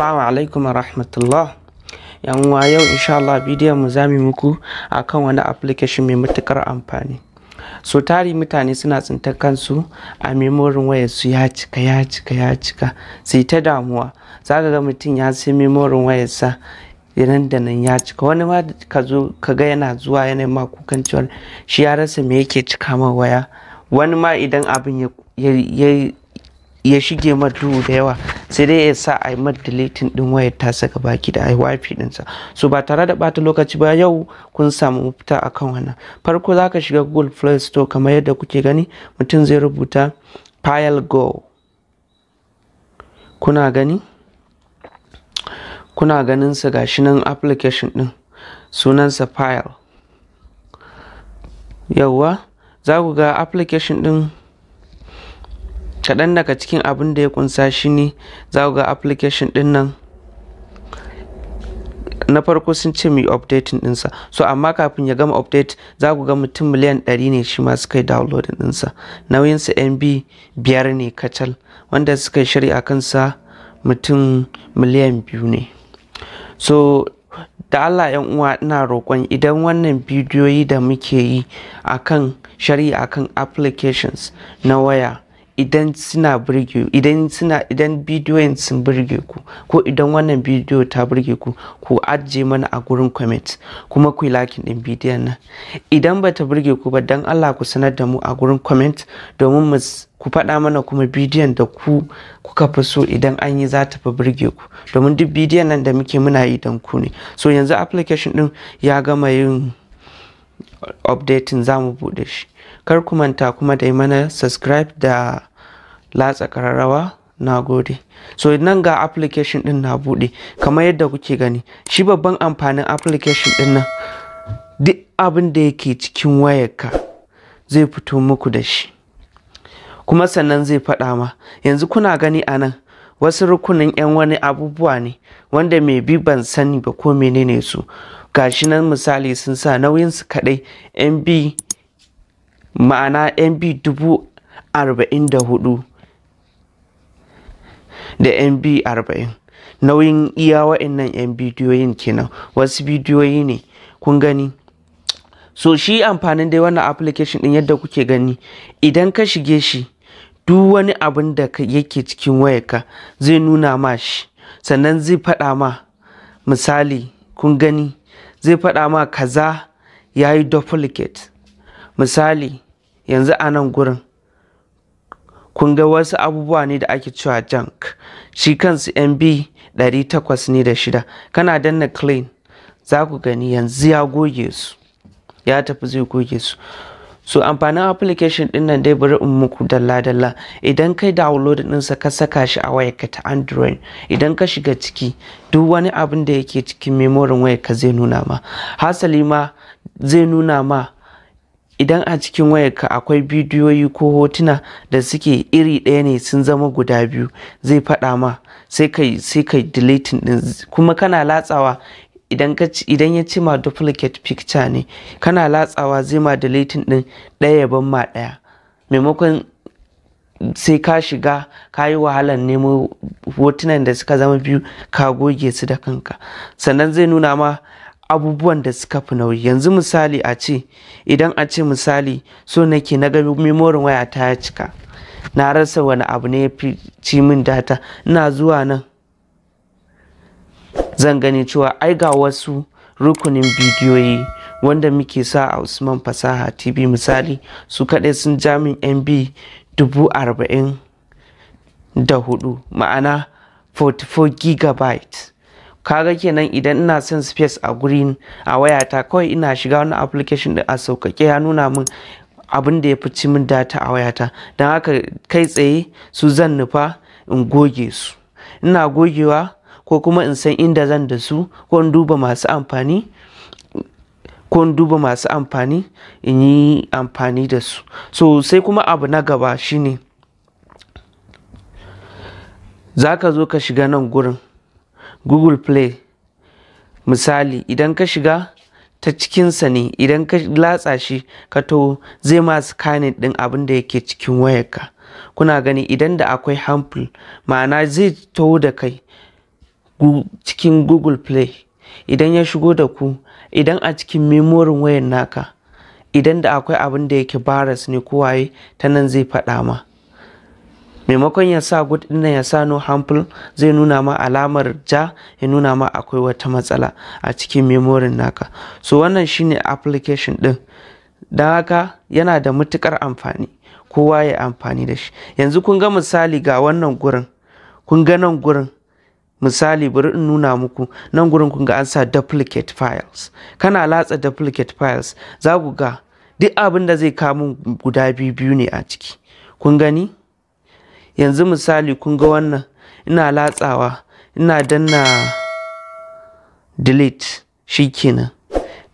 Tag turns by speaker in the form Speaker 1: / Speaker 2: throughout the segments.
Speaker 1: Assalamu alaikum wa rahmatullah. Yan uwa yau insha Allah bidiyon mu zamu muku akan wani application mai matukar amfani. So tari mutane suna tsinta kansu a memorin wayar su ya cika ya cika ya cika sai ta damuwa. Zaka ga mutum ya sai memorin wayarsa nan da nan ya cika wani ma ka zo ka ga yana zuwa yana ma kukan cewa shi ya rasa me yake cika ma waya wani ma idan abin ya ya shige duhu da yawa sai dai ya sa a yi deleting din wayar ta saka baki da wifi dinsa so ba tare da bata lokaci ba yau kun samu mafita akan wannan farko zaka shiga google play store kamar yadda kuke gani mutum zai rubuta file go kuna gani kuna ganin sa gashi nan application din sunansa file yauwa za ku ga application din kaɗan daga cikin abin da ya kunsa shi ne za ga application ɗin nan na farko sun ce mu updating ɗinsa so amma kafin ya gama update za ku ga mutum miliyan 100 ne shi ma suka yi downloading ɗinsa nauyinsa mb biyar ne kacal wanda suka shirya kansa mutum miliyan biyu ne so da Allah yan uwa ina roƙon idan wannan bidiyoyi da muke yi akan shari'a akan applications na waya idan suna burge idan suna idan bidiyon sun burge ku ko idan wannan bidiyo ta burge ku ku ajiye mana a gurin comment kuma ku yi lakin din bidiyon nan idan ba ta burge ku ba dan Allah ku sanar da mu a gurin comment domin mu ku faɗa mana kuma bidiyon da ku kuka fi so idan an yi za ta fi burge ku domin duk bidiyon nan da muke muna yi dan ku ne so yanzu application din ya gama yin updating za mu buɗe shi kar ku manta kuma da yi mana subscribe da latsa kararrawa na gode so nan ga application din na buɗe, kamar yadda kuke gani shi babban amfanin application din nan duk abin da yake cikin wayarka zai fito muku da shi kuma sannan zai faɗa ma yanzu kuna gani a nan wasu rukunin 'yan wani abubuwa ne wanda mai bi ban sani ba ko menene su gashi nan misali sun sa nauyin su kaɗai mb ma'ana mb dubu arba'in da hudu da mb 40 nauyin iya nan 'yan bidiyoyin kenan wasu bidiyoyi ne kun gani so shi amfanin dai wannan application din yadda kuke gani idan ka shige shi duk wani abin da yake cikin wayarka zai nuna ma shi sannan zai faɗa ma misali kun gani zai faɗa ma kaza ya yi duplicate misali yanzu a nan gurin kun ga wasu abubuwa ne da ake cewa junk shi kansu mb 800 ne da shida kana danna clean za ku gani yanzu ya goge su ya tafi zai goge su so amfanin application din nan dai bari in muku dalla-dalla idan kai download ɗinsa ka saka shi a wayarka ta android idan ka shiga ciki duk wani abin da yake cikin memorin wayarka zai nuna ma hasali ma zai nuna ma idan a cikin wayarka akwai bidiyoyi ko hotuna da suke iri ɗaya ne sun zama guda biyu zai faɗa ma sai kai sai kai deleting din kuma kana latsawa idan ka idan ya ce ma duplicate picture ne kana latsawa zai ma deleting din ɗaya yaban ma ɗaya maimakon sai ka shiga ka yi wahalar nemo hotunan da suka zama biyu ka goge su da kanka sannan zai nuna ma abubuwan da suka fi nauyi yanzu misali a ce idan a ce misali so nake na ga memorin waya ta ya cika na rasa wani abu ne ya fi ci min data ina zuwa nan zan gani cewa ai ga wasu rukunin bidiyoyi wanda muke sa a usman fasaha tv misali su kaɗai sun jamin mb dubu arba'in da hudu ma'ana 44 gigabyte kaga kenan idan ina son space a gurin a wayata kawai ina shiga wani application da a sauƙaƙe ya nuna min abin da ya fi min data a wayata don haka kai tsaye su zan nufa in goge su ina gogewa ko kuma in san inda zan da su ko in duba masu amfani ko in duba masu amfani in yi amfani da su so sai kuma abu na gaba shine za ka zo ka shiga nan gurin google play misali idan ka shiga ta cikinsa ne idan ka latsa shi ka to zai ma scanning din abin da yake cikin wayarka kuna gani idan da akwai hample ma'ana zai taho da kai cikin google play idan ya shigo da ku idan a cikin memorin wayar naka idan da akwai abin da yake baras ne kowaye ta nan zai faɗa ma maimakon ya sa good din ya sa no hample zai nuna ma alamar ja ya nuna ma akwai wata matsala a cikin memorin naka so wannan shine application din Dan haka yana da matukar amfani kowa ya amfani da shi yanzu kun ga misali ga wannan gurin kun ga nan gurin misali bari in nuna muku nan gurin kun ga an sa duplicate files kana latsa duplicate files za ku ga duk abin da zai kamun guda biyu biyu ne a ciki kun gani yanzu misali kun ga wannan ina latsawa ina danna delete shikenan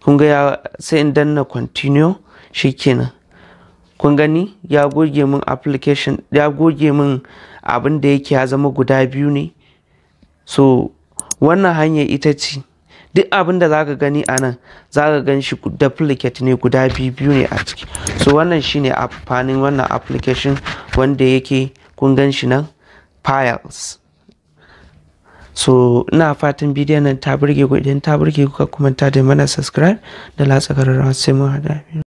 Speaker 1: kun ga sai in danna continue shikenan kun gani ya goge min application ya goge min abin da yake ya zama guda biyu ne so wannan hanya ita ce duk abin da zaka gani a nan zaka gan shi duplicate ne guda biyu ne a ciki so wannan shine amfanin wannan application wanda yake kun gan shi nan files so ina fatan bidiyon nan ta burge ku idan ta burge ku ka ta da mana subscribe da latsa kararrawa sai mun hada